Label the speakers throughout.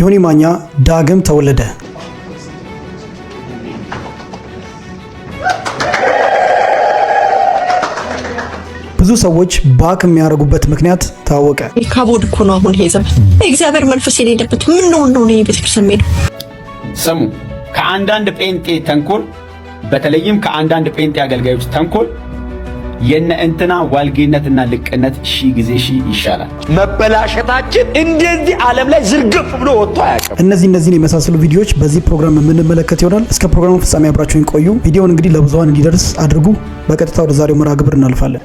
Speaker 1: ዮኒ ማኛ ዳግም ተወለደ። ብዙ ሰዎች ባክ የሚያደርጉበት ምክንያት ታወቀ።
Speaker 2: ካቦድ እኮ ነው አሁን ይሄ እግዚአብሔር መንፈስ የሌለበት ምን ነው ነው ነው ቤተክርስቲያን ሄዱ።
Speaker 3: ስሙ ከአንዳንድ ጴንጤ ተንኮል፣ በተለይም ከአንዳንድ ጴንጤ አገልጋዮች ተንኮል የነ እንትና ዋልጌነትና ልቅነት ሺ ጊዜ ሺ ይሻላል።
Speaker 4: መበላሸታችን እንደዚህ ዓለም ላይ ዝርግፍ ብሎ ወጥቶ አያውቅም።
Speaker 1: እነዚህ እነዚህን የመሳሰሉ ቪዲዮዎች በዚህ ፕሮግራም የምንመለከት ይሆናል። እስከ ፕሮግራሙ ፍጻሜ አብራችሁን ቆዩ። ቪዲዮውን እንግዲህ ለብዙሀን እንዲደርስ አድርጉ። በቀጥታ ወደ ዛሬው መርሃ ግብር እናልፋለን።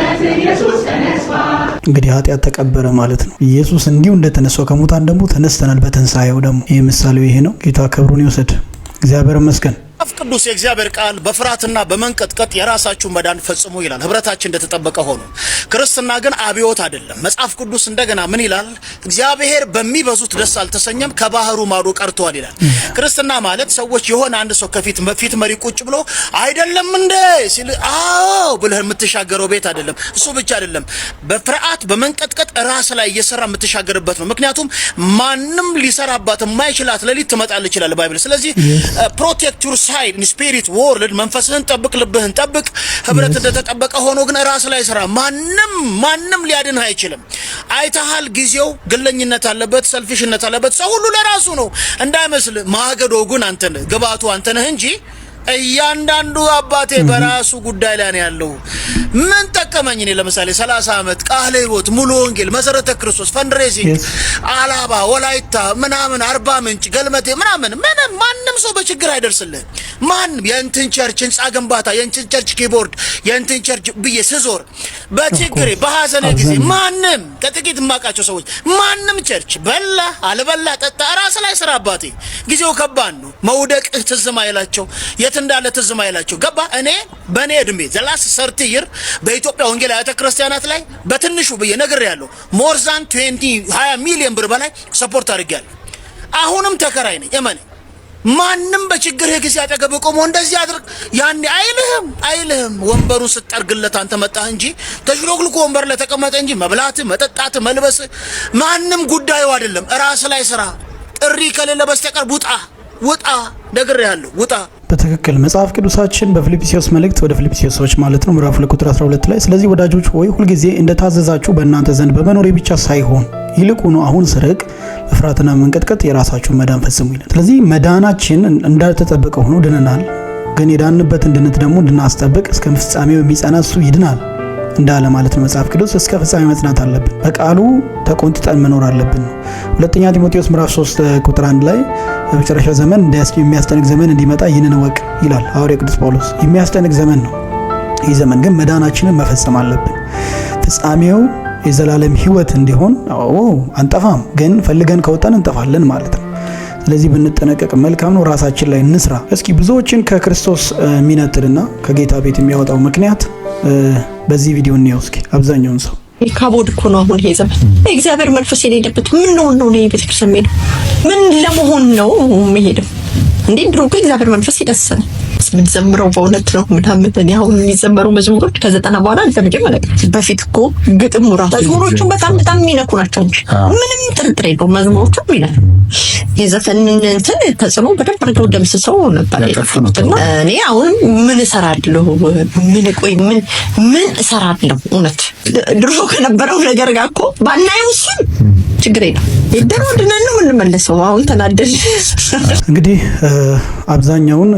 Speaker 1: እንግዲህ ኃጢአት ተቀበረ ማለት ነው። ኢየሱስ እንዲሁ እንደተነሳው ከሙታን ደግሞ ተነስተናል በትንሣኤው ደግሞ። ይህ ምሳሌው ይሄ ነው። ጌታ ክብሩን ይውሰድ። እግዚአብሔር ይመስገን።
Speaker 5: መጽሐፍ ቅዱስ የእግዚአብሔር ቃል በፍርሃትና በመንቀጥቀጥ የራሳችሁን መዳን ፈጽሙ ይላል። ህብረታችን እንደተጠበቀ ሆኖ ክርስትና ግን አብዮት አይደለም። መጽሐፍ ቅዱስ እንደገና ምን ይላል? እግዚአብሔር በሚበዙት ደስ አልተሰኘም፣ ከባህሩ ማዶ ቀርተዋል ይላል። ክርስትና ማለት ሰዎች የሆነ አንድ ሰው ከፊት ፊት መሪ ቁጭ ብሎ አይደለም እንዴ ሲል አዎ ብለህ የምትሻገረው ቤት አይደለም። እሱ ብቻ አይደለም፣ በፍርሃት በመንቀጥቀጥ ራስ ላይ እየሰራ የምትሻገርበት ነው። ምክንያቱም ማንም ሊሰራባት የማይችላት ሌሊት ትመጣል ይችላል ባይብል። ስለዚህ ፕሮቴክት ሳይድ ስፒሪት ወርልድ መንፈስህን ጠብቅ፣ ልብህን ጠብቅ። ህብረት እንደተጠበቀ ሆኖ ግን ራስ ላይ ስራ። ማንም ማንም ሊያድንህ አይችልም። አይተሃል፣ ጊዜው ግለኝነት አለበት፣ ሰልፊሽነት አለበት። ሰው ሁሉ ለራሱ ነው እንዳይመስል። ማገዶ ግን አንተ ነህ፣ ግባቱ አንተ ነህ እንጂ እያንዳንዱ አባቴ በራሱ ጉዳይ ላይ ነው ያለው። ምን ጠቀመኝ? እኔ ለምሳሌ 30 ዓመት ቃለ ህይወት፣ ሙሉ ወንጌል፣ መሰረተ ክርስቶስ፣ ፈንድሬዚንግ፣ አላባ፣ ወላይታ ምናምን፣ አርባ ምንጭ፣ ገልመቴ ምናምን ምንም ማንም ሰው በችግር አይደርስልህ። ማንም የእንትን ቸርች ህንጻ ግንባታ፣ የእንትን ቸርች ኪቦርድ፣ የእንትን ቸርች ብዬ ስዞር በችግሬ በሐዘኔ ጊዜ ማንም ከጥቂት የማውቃቸው ሰዎች ማንም ቸርች በላ አልበላ ጠጣ ራስ ላይ ስራ አባቴ ጊዜው ከባድ ነው። መውደቅ ትዝማ ይላቸው የት እንዳለ ትዝም አይላቸው ገባ። እኔ በእኔ እድሜ ዘላስ ሰርቲ ይር በኢትዮጵያ ወንጌል አብያተ ክርስቲያናት ላይ በትንሹ ብዬ ነገር ያለው ሞርዛን 20 20 ሚሊዮን ብር በላይ ሰፖርት አድርጌያለሁ። አሁንም ተከራይ ነኝ። እመኔ ማንም በችግር ጊዜ አጠገብ ቆሞ እንደዚህ አድርግ ያኔ አይልህም አይልህም። ወንበሩን ስጠርግለት አንተ መጣህ እንጂ ተሽሎክልኮ ወንበር ላይ ተቀመጠ እንጂ መብላት፣ መጠጣት፣ መልበስ ማንም ጉዳዩ አይደለም። ራስ ላይ ስራ ጥሪ ከሌለ በስተቀር ቡጣ ውጣ ያለው ውጣ።
Speaker 1: በትክክል መጽሐፍ ቅዱሳችን በፊልጵስዩስ መልእክት ወደ ፊልጵስዩሶች ማለት ነው ምዕራፍ ቁጥር 12 ላይ ስለዚህ ወዳጆች ሆይ ሁልጊዜ እንደታዘዛችሁ በእናንተ ዘንድ በመኖሬ ብቻ ሳይሆን ይልቁኑ አሁን ስርቅ መፍራትና መንቀጥቀጥ የራሳችሁን መዳን ፈጽሙ ይላል። ስለዚህ መዳናችን እንዳልተጠበቀ ሆኖ ድነናል። ግን የዳንበትን ድነት ደግሞ እንድናስጠብቅ እስከ ፍጻሜው የሚጸና እሱ ይድናል። እንዳለ ማለት ነው መጽሐፍ ቅዱስ እስከ ፍጻሜ መጽናት አለብን። በቃሉ ተቆንጥጠን መኖር አለብን ነው። ሁለተኛ ጢሞቴዎስ ምዕራፍ 3 ቁጥር 1 ላይ በመጨረሻ ዘመን የሚያስጠንቅ ዘመን እንዲመጣ ይህንን እወቅ ይላል ሐዋርያው ቅዱስ ጳውሎስ። የሚያስጠንቅ ዘመን ነው። ይህ ዘመን ግን መዳናችንን መፈጸም አለብን። ፍጻሜው የዘላለም ህይወት እንዲሆን አንጠፋም፣ ግን ፈልገን ከወጣን እንጠፋለን ማለት ነው። ስለዚህ ብንጠነቀቅ መልካም ነው። ራሳችን ላይ እንስራ። እስኪ ብዙዎችን ከክርስቶስ የሚነጥልና ከጌታ ቤት የሚያወጣው ምክንያት በዚህ ቪዲዮ እናየው እስኪ። አብዛኛውን ሰው
Speaker 2: ካቦድ እኮ ነው አሁን ይሄ ዘመን። እግዚአብሔር መንፈስ የሌለበት ምን ነው ነው ነው ቤተክርስቲያን ሄደው ምን ለመሆን ነው መሄደው? እንዴ ድሮ እኮ እግዚአብሔር መንፈስ ይደሰነ የምንዘምረው በእውነት ነው ምናምን። እኔ አሁን የሚዘመሩ መዝሙሮች ከዘጠና በኋላ አልዘምርም ማለት በፊት እኮ ግጥሙ ራሱ መዝሙሮቹን በጣም በጣም የሚነኩ ናቸው እንጂ ምንም ጥርጥር የለውም መዝሙሮቹ የሚነኩ የዘፈንን እንትን ተጽዕኖ በደንብ አድርገው ደምስሰው ነበር እኔ አሁን ምን እሰራለሁ? ምን ቆይ ምን ምን እሰራለሁ? እውነት ድሮ ከነበረው ነገር ጋር እኮ ባናየው እሱን ችግር የለም። ድሮ ድነን ነው የምንመለሰው። አሁን ተናደል
Speaker 1: እንግዲህ አብዛኛውን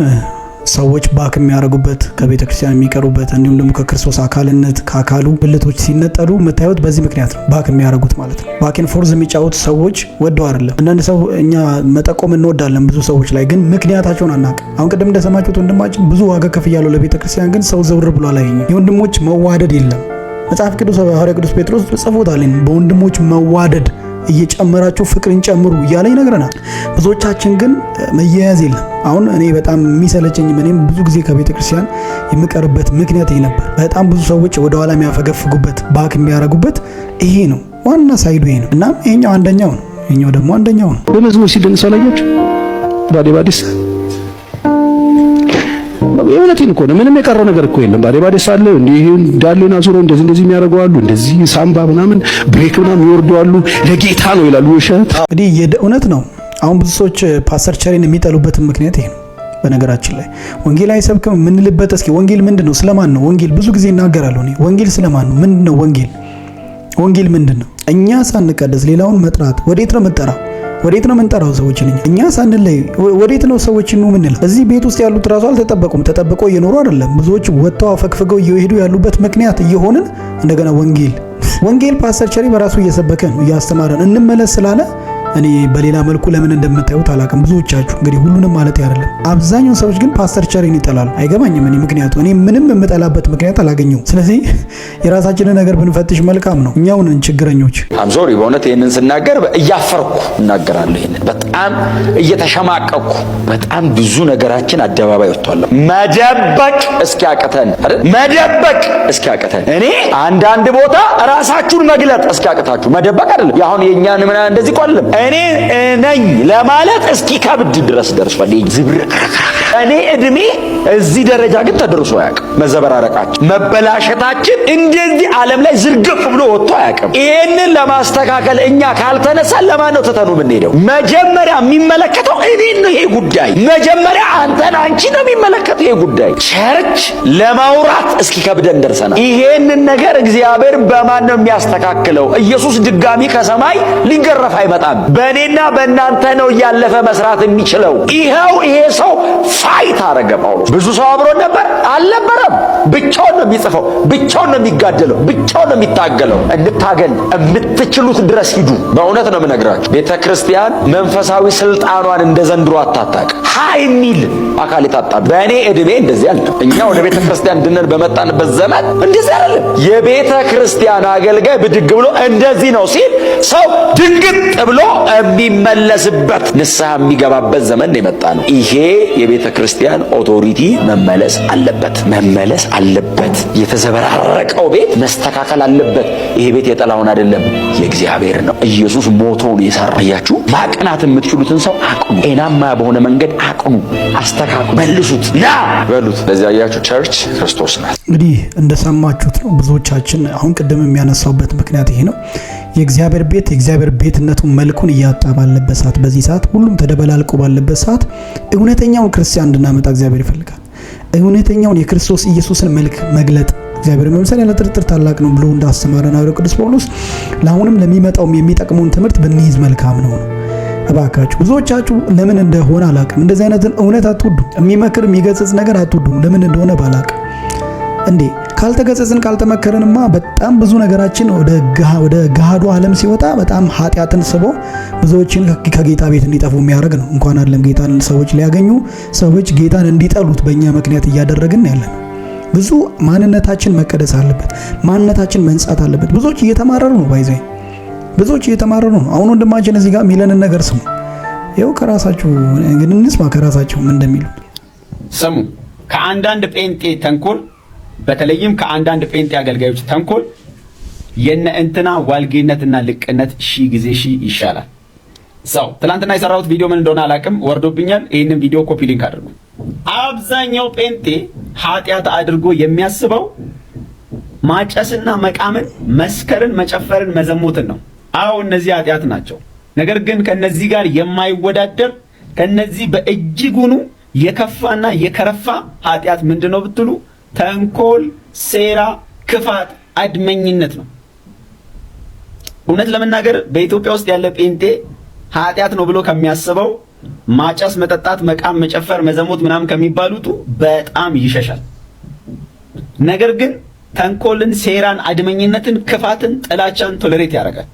Speaker 1: ሰዎች ባክ የሚያደርጉበት ከቤተ ክርስቲያን የሚቀሩበት እንዲሁም ደግሞ ከክርስቶስ አካልነት ከአካሉ ብልቶች ሲነጠሉ የምታዩት በዚህ ምክንያት ነው። ባክ የሚያደርጉት ማለት ነው። ባክን ፎርዝ የሚጫወቱ ሰዎች ወደው አይደለም። አንዳንድ ሰው እኛ መጠቆም እንወዳለን ብዙ ሰዎች ላይ ግን ምክንያታቸውን አናውቅም። አሁን ቅድም እንደሰማችሁት ወንድማችን ብዙ ዋጋ ከፍ ለቤተ ክርስቲያን ግን ሰው ዘውር ብሎ አላየኝም። የወንድሞች መዋደድ የለም። መጽሐፍ ቅዱስ ሐዋርያ ቅዱስ ጴጥሮስ ጽፎታልን በወንድሞች መዋደድ እየጨመራችሁ ፍቅርን ጨምሩ እያለ ይነግረናል። ብዙዎቻችን ግን መያያዝ የለም። አሁን እኔ በጣም የሚሰለቸኝ እኔም ብዙ ጊዜ ከቤተ ክርስቲያን የምቀርበት ምክንያት ይሄ ነበር። በጣም ብዙ ሰዎች ወደኋላ የሚያፈገፍጉበት ባክ የሚያደርጉበት ይሄ ነው። ዋና ሳይዱ ይሄ ነው። እናም ይሄኛው አንደኛው ነው፣ ይሄኛው ደግሞ አንደኛው ነው። በመዝሙር ሲድን ላያችሁ ባዴ ባዲስ ነው። የእውነቴን እኮ ነው። ምንም የቀረው ነገር እኮ የለም። ባዴ ባዴ ሳለ እንዲህ ዳሌን ዙሮ እንደዚህ እንደዚህ የሚያደርጉ አሉ። እንደዚህ ሳምባ ምናምን ብሬክ ምናምን ይወርዱ አሉ። ለጌታ ነው ይላሉ። ውሸት እንግዲህ እውነት ነው። አሁን ብዙ ሰዎች ፓስተር ቸሪን የሚጠሉበትን ምክንያት ይሄ ነው። በነገራችን ላይ ወንጌል አይሰብክም የምንልበት እስኪ ወንጌል ምንድን ነው? ስለማን ነው ወንጌል? ብዙ ጊዜ እናገራለሁ እኔ ወንጌል ስለማን ነው? ምንድን ነው ወንጌል? ወንጌል ምንድን ነው? እኛ ሳንቀደስ ሌላውን መጥራት ወዴት ነው የምጠራው? ወዴት ነው የምንጠራው ሰዎችን? እኛ ሳንል ላይ ወዴት ነው ሰዎችን ነው ምንል? እዚህ ቤት ውስጥ ያሉት ራሱ አልተጠበቁም። ተጠብቆ እየኖሩ አይደለም። ብዙዎች ወጥተው አፈግፍገው እየሄዱ ያሉበት ምክንያት እየሆንን እንደገና ወንጌል ወንጌል ፓስተር ቸሪ በራሱ እየሰበከን እያስተማረን እንመለስ ስላለ እኔ በሌላ መልኩ ለምን እንደምታዩት አላውቅም። ብዙዎቻችሁ እንግዲህ ሁሉንም ማለት አይደለም። አብዛኛውን ሰዎች ግን ፓስተር ቸሪን ይጠላሉ። አይገባኝም። እኔ ምክንያቱ እኔ ምንም የምጠላበት ምክንያት አላገኘው ስለዚህ የራሳችንን ነገር ብንፈትሽ መልካም ነው። እኛው ነን ችግረኞች።
Speaker 6: አምሶሪ በእውነት ይህንን ስናገር እያፈርኩ እናገራለሁ። ይህንን በጣም እየተሸማቀኩ በጣም ብዙ ነገራችን አደባባይ ወጥቷል። መደበቅ እስኪያቅተን መደበቅ እስኪያቅተን እኔ አንዳንድ ቦታ ራሳችሁን መግለጥ እስኪያቅታችሁ መደበቅ አይደለም። አሁን የእኛን ምና እንደዚህ ቆልም እኔ ነኝ ለማለት እስኪ ከብድ ድረስ ደርሷል። እኔ እድሜ እዚህ ደረጃ ግን ተደርሶ አያውቅም። መዘበራረቃችን፣ መበላሸታችን እንደዚህ ዓለም ላይ ዝርግፍ ብሎ ወጥቶ አያውቅም። ይህንን ለማስተካከል እኛ ካልተነሳን ለማን ነው ትተኑ የምንሄደው? መጀመሪያ የሚመለከተው እኔን ነው ይሄ ጉዳይ። መጀመሪያ አንተን አንቺ ነው የሚመለከተው ይሄ ጉዳይ። ቸርች ለማውራት እስኪ ከብደን ደርሰናል። ይሄንን ነገር እግዚአብሔር በማን ነው የሚያስተካክለው? ኢየሱስ ድጋሚ ከሰማይ ሊገረፍ አይመጣም። በእኔና በእናንተ ነው እያለፈ መስራት የሚችለው። ይኸው ይሄ ሰው ፋይት አረገ ጳውሎስ ብዙ ሰው አብሮን ነበር አልነበረም። ብቻውን ነው የሚጽፈው፣ ብቻውን ነው የሚጋደለው፣ ብቻውን ነው የሚታገለው። እንታገል፣ የምትችሉት ድረስ ሂዱ። በእውነት ነው የምነግራችሁ፣ ቤተ ክርስቲያን መንፈሳዊ ስልጣኗን እንደ ዘንድሮ አታታቅ ሀ የሚል አካል የታጣ በእኔ እድሜ እንደዚህ አለ። እኛ ወደ ቤተ ክርስቲያን እንድንን በመጣንበት ዘመን እንደዚህ አይደለም። የቤተ ክርስቲያን አገልጋይ ብድግ ብሎ እንደዚህ ነው ሲል ሰው ድንግጥ ብሎ የሚመለስበት ንስሐ የሚገባበት ዘመን የመጣ ነው። ይሄ የቤተ ክርስቲያን ኦቶሪቲ መመለስ አለበት፣ መመለስ አለበት። የተዘበራረቀው ቤት መስተካከል አለበት። ይሄ ቤት የጠላውን አይደለም፣ የእግዚአብሔር ነው። ኢየሱስ ሞቶ ነው የሰራያችሁ። ማቅናት የምትችሉትን ሰው አቁሙ። ጤናማ በሆነ መንገድ አቅሙ፣ አስተካክሉ፣ መልሱት፣ ና
Speaker 7: በሉት። ለዚህ ያያችሁ ቸርች ክርስቶስ ናት።
Speaker 1: እንግዲህ እንደሰማችሁት ነው። ብዙዎቻችን አሁን ቅድም የሚያነሳውበት ምክንያት ይሄ ነው። የእግዚአብሔር ቤት የእግዚአብሔር ቤትነቱ መልኩን እያጣ ባለበት ሰዓት፣ በዚህ ሰዓት ሁሉም ተደበላልቆ ባለበት ሰዓት እውነተኛውን ክርስቲያን እንድናመጣ እግዚአብሔር ይፈልጋል። እውነተኛውን የክርስቶስ ኢየሱስን መልክ መግለጥ እግዚአብሔር መምሰል ያለ ጥርጥር ታላቅ ነው ብሎ እንዳስተማረን ሐዋርያው ቅዱስ ጳውሎስ ለአሁንም ለሚመጣውም የሚጠቅመውን ትምህርት ብንይዝ መልካም ነው ነው እባካችሁ ብዙዎቻችሁ ለምን እንደሆነ አላቅ እንደዚህ አይነትን እውነት አትወዱም። የሚመክር የሚገጽጽ ነገር አትወዱም። ለምን እንደሆነ ባላውቅም እንዴ ካልተገጸጽን ካልተመከረንማ በጣም ብዙ ነገራችን ወደ ገሃዱ ዓለም ሲወጣ በጣም ኃጢአትን ስቦ ብዙዎችን ከጌታ ቤት እንዲጠፉ የሚያደርግ ነው። እንኳን አይደለም ጌታን ሰዎች ሊያገኙ ሰዎች ጌታን እንዲጠሉት በእኛ ምክንያት እያደረግን ያለ ነው። ብዙ ማንነታችን መቀደስ አለበት። ማንነታችን መንጻት አለበት። ብዙዎች እየተማረሩ ነው ባይዘኝ ብዙዎች እየተማረሩ ነው። አሁን ወንድማችን እዚህ ጋር የሚለንን ነገር ስሙ። ይኸው ከራሳችሁ እንግዲህ እንስማ፣ ከራሳችሁ ምን እንደሚሉ
Speaker 3: ስሙ። ከአንዳንድ ጴንጤ ተንኮል፣ በተለይም ከአንዳንድ ጴንጤ አገልጋዮች ተንኮል የነ እንትና ዋልጌነትና ልቅነት ሺ ጊዜ ሺ ይሻላል። ሰው ትላንትና የሰራሁት ቪዲዮ ምን እንደሆነ አላውቅም፣ ወርዶብኛል። ይህንን ቪዲዮ ኮፒ ሊንክ አድርጉ። አብዛኛው ጴንጤ ኃጢአት አድርጎ የሚያስበው ማጨስና መቃምን፣ መስከርን፣ መጨፈርን፣ መዘሞትን ነው። አዎ እነዚህ ኃጢአት ናቸው። ነገር ግን ከነዚህ ጋር የማይወዳደር ከነዚህ በእጅጉኑ የከፋና የከረፋ ኃጢአት ምንድን ነው ብትሉ ተንኮል፣ ሴራ፣ ክፋት፣ አድመኝነት ነው። እውነት ለመናገር በኢትዮጵያ ውስጥ ያለ ጴንጤ ኃጢአት ነው ብሎ ከሚያስበው ማጨስ፣ መጠጣት፣ መቃም፣ መጨፈር፣ መዘሞት ምናምን ከሚባሉት በጣም ይሸሻል። ነገር ግን ተንኮልን፣ ሴራን፣ አድመኝነትን፣ ክፋትን፣ ጥላቻን ቶለሬት ያደርጋል።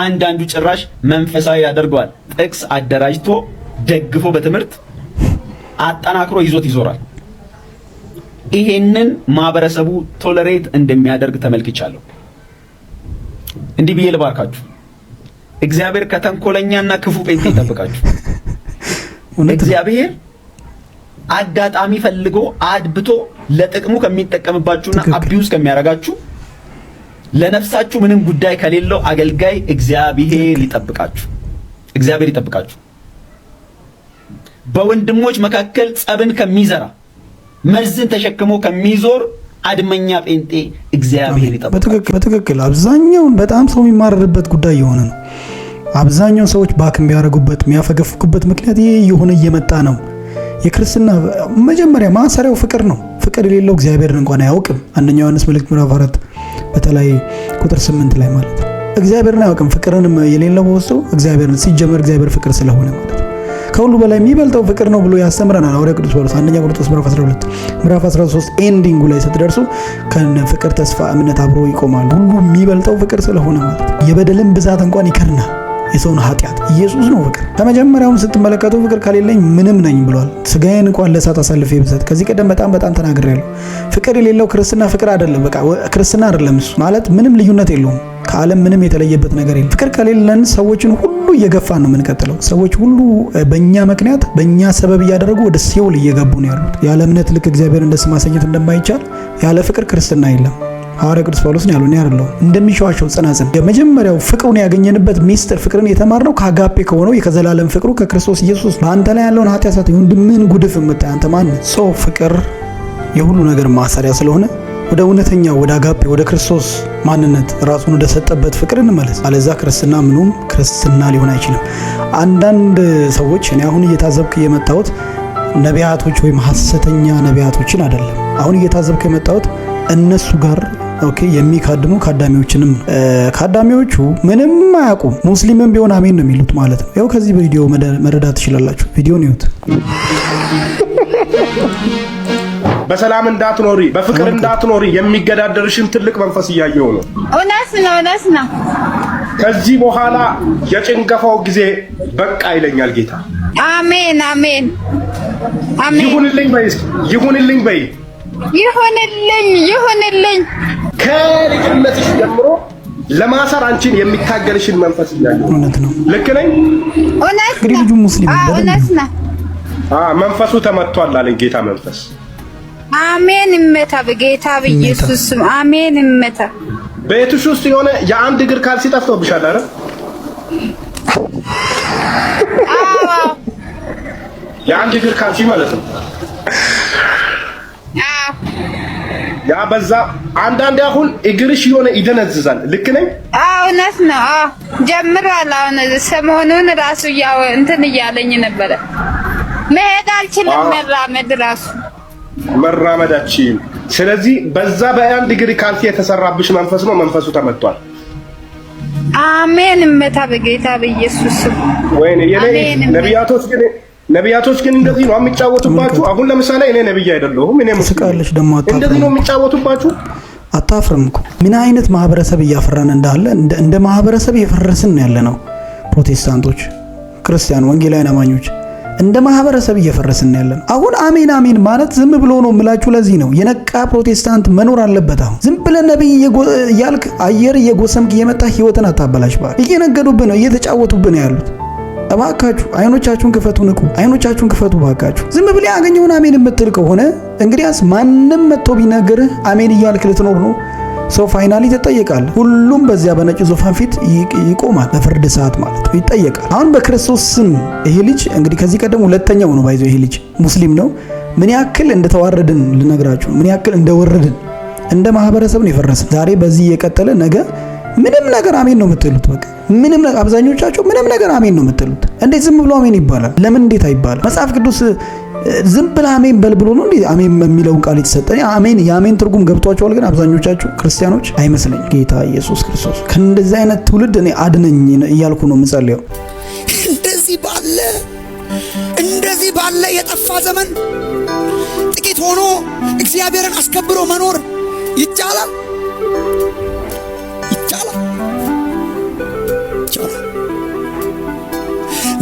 Speaker 3: አንዳንዱ ጭራሽ መንፈሳዊ ያደርገዋል። ጥቅስ አደራጅቶ ደግፎ በትምህርት አጠናክሮ ይዞት ይዞራል። ይሄንን ማህበረሰቡ ቶለሬት እንደሚያደርግ ተመልክቻለሁ። እንዲህ ብዬ ልባርካችሁ፣ እግዚአብሔር ከተንኮለኛና ክፉ ጴንጤ ይጠብቃችሁ። እግዚአብሔር አጋጣሚ ፈልጎ አድብቶ ለጥቅሙ ከሚጠቀምባችሁና አቢውስ ከሚያደርጋችሁ ለነፍሳችሁ ምንም ጉዳይ ከሌለው አገልጋይ እግዚአብሔር ይጠብቃችሁ፣ እግዚአብሔር ይጠብቃችሁ። በወንድሞች መካከል ጸብን ከሚዘራ መርዝን ተሸክሞ ከሚዞር አድመኛ ጴንጤ እግዚአብሔር
Speaker 1: ይጠብቃችሁ። በትክክል አብዛኛውን በጣም ሰው የሚማረርበት ጉዳይ የሆነ ነው። አብዛኛውን ሰዎች ባክ የሚያደርጉበት የሚያፈገፍኩበት ምክንያት ይሄ እየሆነ እየመጣ ነው። የክርስትና መጀመሪያ ማሰሪያው ፍቅር ነው። ፍቅር የሌለው እግዚአብሔርን እንኳን አያውቅም። አንደኛ ዮሐንስ መልእክት ምዕራፍ አራት በተለይ ቁጥር ስምንት ላይ ማለት ነው። እግዚአብሔርን አያውቅም ፍቅርንም የሌለው በውስጡ እግዚአብሔርን ሲጀመር እግዚአብሔር ፍቅር ስለሆነ ማለት ነው። ከሁሉ በላይ የሚበልጠው ፍቅር ነው ብሎ ያስተምረናል ሐዋርያው ቅዱስ ጳውሎስ አንደኛ ቆሮንቶስ ምዕራፍ 12 ምዕራፍ 13 ኤንዲንጉ ላይ ስትደርሱ ከነ ፍቅር ተስፋ እምነት አብሮ ይቆማል። ሁሉ የሚበልጠው ፍቅር ስለሆነ ማለት ነው። የበደልን ብዛት እንኳን ይከርናል። የሰውን ኃጢአት ኢየሱስ ነው ፍቅር። ከመጀመሪያውም ስትመለከቱ ፍቅር ከሌለኝ ምንም ነኝ ብሏል። ስጋዬን እንኳን ለእሳት አሳልፌ ብሰጥ። ከዚህ ቀደም በጣም በጣም ተናግሬያለሁ። ፍቅር የሌለው ክርስትና ፍቅር አይደለም። በቃ ክርስትና አይደለም እሱ ማለት ምንም ልዩነት የለውም። ከዓለም ምንም የተለየበት ነገር የለም። ፍቅር ከሌለን ሰዎችን ሁሉ እየገፋን ነው የምንቀጥለው። ሰዎች ሁሉ በእኛ ምክንያት በእኛ ሰበብ እያደረጉ ወደ ሲኦል እየገቡ ነው ያሉት። ያለ እምነት ልክ እግዚአብሔር እንደስማሰኘት እንደማይቻል ያለ ፍቅር ክርስትና የለም። ሐዋርያ ቅዱስ ጳውሎስ ነው ያለው፣ እኔ አይደለሁም። እንደሚሸዋሸው የመጀመሪያው ፍቅሩን ያገኘንበት ሚስጥር ፍቅርን የተማርነው ከአጋፔ ከሆነው ከዘላለም ፍቅሩ ከክርስቶስ ኢየሱስ በአንተ ላይ ያለውን ኃጢአት ምን ጉድፍ የምታይ አንተ ማን ሰው ፍቅር የሁሉ ነገር ማሰሪያ ስለሆነ ወደ እውነተኛ ወደ አጋፔ ወደ ክርስቶስ ማንነት ራሱን ወደ ሰጠበት ፍቅር እንመለስ። አለዛ ክርስትና ምኑም ክርስትና ሊሆን አይችልም። አንዳንድ ሰዎች እኔ አሁን እየታዘብክ እየመጣሁት ነቢያቶች ወይም ሐሰተኛ ነቢያቶችን አይደለም። አሁን እየታዘብክ የመጣሁት እነሱ ጋር ኦኬ የሚካድሙ ካዳሚዎችንም ካዳሚዎቹ ምንም አያውቁም። ሙስሊምም ቢሆን አሜን ነው የሚሉት ማለት ነው። ያው ከዚህ ቪዲዮ መረዳት ትችላላችሁ። ቪዲዮን ይዩት።
Speaker 3: በሰላም እንዳትኖሪ በፍቅር እንዳትኖሪ የሚገዳደርሽን ትልቅ መንፈስ እያየው ነው።
Speaker 2: እውነት ነው፣ እውነት ነው።
Speaker 3: ከዚህ በኋላ የጭንገፋው ጊዜ በቃ ይለኛል ጌታ
Speaker 2: አሜን አሜን
Speaker 3: አሜን። ይሁንልኝ በይ ይሁንልኝ በይ
Speaker 2: ይሁንልኝ ይሁንልኝ።
Speaker 3: ከልጅነትሽ ጀምሮ ለማሰር አንቺን የሚታገልሽን መንፈስ እያየሁ እውነት ነው። ልክ ነኝ።
Speaker 2: እውነት ነው።
Speaker 1: ልጁ ሙስሊም ነው።
Speaker 2: እውነት ነው።
Speaker 3: መንፈሱ ተመቷል አለኝ ጌታ መንፈስ።
Speaker 2: አሜን እመታ በጌታ በኢየሱስ አሜን እመታ።
Speaker 3: ቤትሽ ውስጥ የሆነ የአንድ እግር ካልሲ ጠፍቶብሻል። አረ የአንድ እግር ካልሲ ማለት ነው። ያ በዛ አንዳንዴ አሁን እግርሽ የሆነ ይደነዝዛል። ልክ ነኝ?
Speaker 2: አዎ እውነት ነው። አዎ ጀምሯል። አሁን ሰሞኑን ራሱ ያው እንትን እያለኝ ነበረ። መሄድ አልችልም፣ መራመድ ራሱ
Speaker 3: መራመድ አልችልም። ስለዚህ በዛ በአንድ እግር ካልሲ የተሰራብሽ መንፈስ ነው። መንፈሱ ተመቷል።
Speaker 2: አሜን። እመታ በጌታ በኢየሱስ
Speaker 3: ወይኔ የኔ ነቢያቶች ግን ነቢያቶች ግን እንደዚህ ነው የሚጫወቱባችሁ። አሁን ለምሳሌ እኔ ነብይ አይደለሁም፣ እኔ
Speaker 1: ስቃለች ደግሞ
Speaker 3: እንደዚህ ነው የሚጫወቱባችሁ።
Speaker 1: አታፍርም እኮ ምን አይነት ማህበረሰብ እያፈራን እንዳለ እንደ ማህበረሰብ እየፈረስን ያለ ነው። ፕሮቴስታንቶች፣ ክርስቲያን፣ ወንጌላውያን አማኞች እንደ ማህበረሰብ እየፈረስን ያለ ነው። አሁን አሜን አሜን ማለት ዝም ብሎ ነው የምላችሁ። ለዚህ ነው የነቃ ፕሮቴስታንት መኖር አለበት። አሁን ዝም ብለ ነቢይ እያልክ አየር እየጎሰምክ እየመጣ ህይወትን አታበላሽ። እየነገዱብን ነው፣ እየተጫወቱብን ያሉት እባካችሁ አይኖቻችሁን ክፈቱ፣ ንቁ፣ አይኖቻችሁን ክፈቱ እባካችሁ። ዝም ብለህ ያገኘውን አሜን የምትል ከሆነ እንግዲያስ ማንም መጥቶ ቢነግርህ አሜን እያልክ ልትኖር ነው። ሰው ፋይናሊ ይጠየቃል። ሁሉም በዚያ በነጭ ዙፋን ፊት ይቆማል፣ በፍርድ ሰዓት ማለት ነው ይጠየቃል። አሁን በክርስቶስ ስም ይሄ ልጅ እንግዲህ ከዚህ ቀደም ሁለተኛው ነው ባይዘው ይሄ ልጅ ሙስሊም ነው። ምን ያክል እንደተዋረድን ልነግራችሁ፣ ምን ያክል እንደወረድን እንደ ማህበረሰብ ነው የፈረስን። ዛሬ በዚህ የቀጠለ ነገ ምንም ነገር አሜን ነው የምትሉት። በቃ ምንም አብዛኞቻቸው ምንም ነገር አሜን ነው የምትሉት። እንዴት ዝም ብሎ አሜን ይባላል? ለምን እንዴት አይባላል? መጽሐፍ ቅዱስ ዝም ብለ አሜን በል ብሎ ነው እንዴ አሜን የሚለውን ቃል የተሰጠ? አሜን የአሜን ትርጉም ገብቷቸዋል፣ ግን አብዛኞቻችሁ ክርስቲያኖች አይመስለኝ። ጌታ ኢየሱስ ክርስቶስ ከእንደዚህ አይነት ትውልድ እኔ አድነኝ እያልኩ ነው የምጸልየው።
Speaker 6: እንደዚህ ባለ እንደዚህ ባለ የጠፋ ዘመን ጥቂት ሆኖ እግዚአብሔርን አስከብሮ መኖር ይቻላል።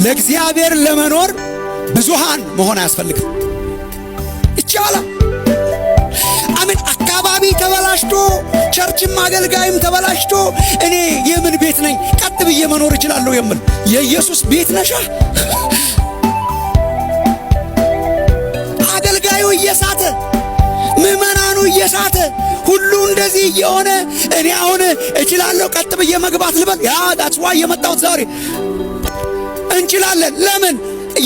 Speaker 6: ለእግዚአብሔር ለመኖር ብዙሃን መሆን አያስፈልግም። ይቻላል። አምን አካባቢ ተበላሽቶ ቸርችም አገልጋይም ተበላሽቶ እኔ የምን ቤት ነኝ ቀጥ ብዬ መኖር እችላለሁ የምል የኢየሱስ ቤት ነሻ። አገልጋዩ እየሳተ ምዕመናኑ እየሳተ ሁሉ እንደዚህ እየሆነ እኔ አሁን እችላለሁ ቀጥ ብዬ መግባት ልበል ያ ዳትስ ዳትዋ እየመጣሁት ዛሬ እንችላለን። ለምን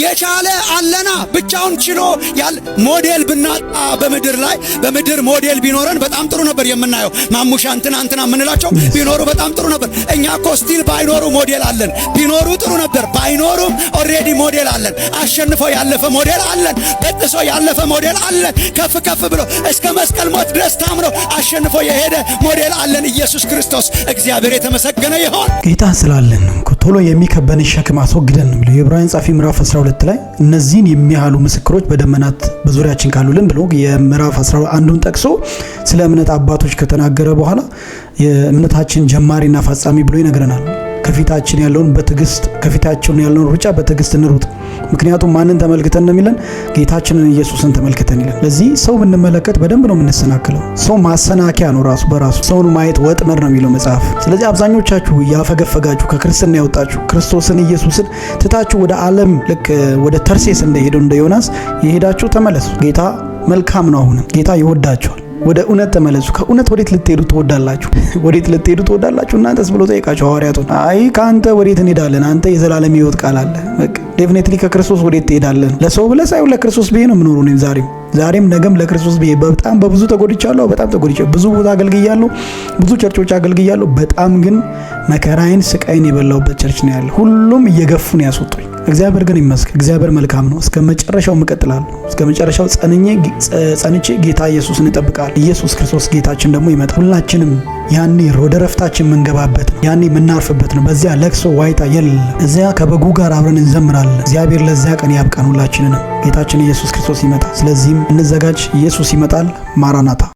Speaker 6: የቻለ አለና ብቻውን ችሎ ያል ሞዴል ብናጣ በምድር ላይ በምድር ሞዴል ቢኖረን በጣም ጥሩ ነበር። የምናየው ማሙሻ እንትና እንትና የምንላቸው ቢኖሩ በጣም ጥሩ ነበር። እኛ እኮ ስቲል ባይኖሩ ሞዴል አለን። ቢኖሩ ጥሩ ነበር፣ ባይኖሩም ኦልሬዲ ሞዴል አለን። አሸንፎ ያለፈ ሞዴል አለን። በጥሶ ያለፈ ሞዴል አለን። ከፍ ከፍ ብሎ እስከ መስቀል ሞት ድረስ ታምኖ አሸንፎ የሄደ ሞዴል አለን። ኢየሱስ ክርስቶስ እግዚአብሔር የተመሰገነ ይሆን።
Speaker 1: ጌታ ስላለን ነው ቶሎ የሚከበን ሸክም አስወግደን ነው የሚለው የዕብራውያን ጻፊ ምዕራፍ 12 ላይ እነዚህን የሚያህሉ ምስክሮች በደመናት በዙሪያችን ካሉልን ብሎ የምዕራፍ 11 አንዱን ጠቅሶ ስለ እምነት አባቶች ከተናገረ በኋላ የእምነታችን ጀማሪና ፈጻሚ ብሎ ይነግረናል። ከፊታችን ያለውን በትዕግስት ከፊታችን ያለውን ሩጫ በትዕግስት እንሩጥ። ምክንያቱም ማንን ተመልክተን ነው የሚለን? ጌታችንን ኢየሱስን ተመልክተን ይለን። ለዚህ ሰው ብንመለከት በደንብ ነው የምንሰናክለው። ሰው ማሰናከያ ነው ራሱ በራሱ ሰውን ማየት ወጥመድ ነው የሚለው መጽሐፍ። ስለዚህ አብዛኞቻችሁ ያፈገፈጋችሁ ከክርስትና ያወጣችሁ ክርስቶስን ኢየሱስን ትታችሁ ወደ ዓለም ልክ ወደ ተርሴስ እንደሄደው እንደ ዮናስ የሄዳችሁ ተመለሱ። ጌታ መልካም ነው። አሁንም ጌታ ይወዳቸዋል። ወደ እውነት ተመለሱ። ከእውነት ወዴት ልትሄዱ ትወዳላችሁ? ወዴት ልትሄዱ ትወዳላችሁ እናንተስ ብሎ ጠይቃቸው ሐዋርያቱን። አይ ከአንተ ወዴት እንሄዳለን? አንተ የዘላለም ሕይወት ቃል አለ። በቃ ዴፍኔትሊ ከክርስቶስ ወዴት ትሄዳለን? ለሰው ብለህ ሳይሆን ለክርስቶስ ብዬ ነው የምኖሩ እኔም ዛሬም ዛሬም ነገም ለክርስቶስ ብዬ በጣም በብዙ ተጎድቻለሁ። በጣም ተጎድቻለሁ። ብዙ ቦታ አገልግያለሁ። ብዙ ቸርቾች አገልግያለሁ። በጣም ግን መከራዬን፣ ስቃይን የበላሁበት ቸርች ነው ያለ። ሁሉም እየገፉ ነው ያስወጡኝ። እግዚአብሔር ግን ይመስገን። እግዚአብሔር መልካም ነው። እስከ መጨረሻው እቀጥላለሁ። እስከ መጨረሻው ጸንቼ ጌታ ኢየሱስን እጠብቃለሁ። ኢየሱስ ክርስቶስ ጌታችን ደግሞ ይመጣል። ሁላችንም ያኔ ወደ ረፍታችን የምንገባበት ነው። ያኔ የምናርፍበት ነው። በዚያ ለቅሶ ዋይታ የለ፣ እዚያ ከበጉ ጋር አብረን እንዘምራለን። እግዚአብሔር ለዚያ ቀን ያብቃን ሁላችንንም። ጌታችን ኢየሱስ ክርስቶስ ይመጣል። ስለዚህም እንዘጋጅ። ኢየሱስ ይመጣል። ማራናታ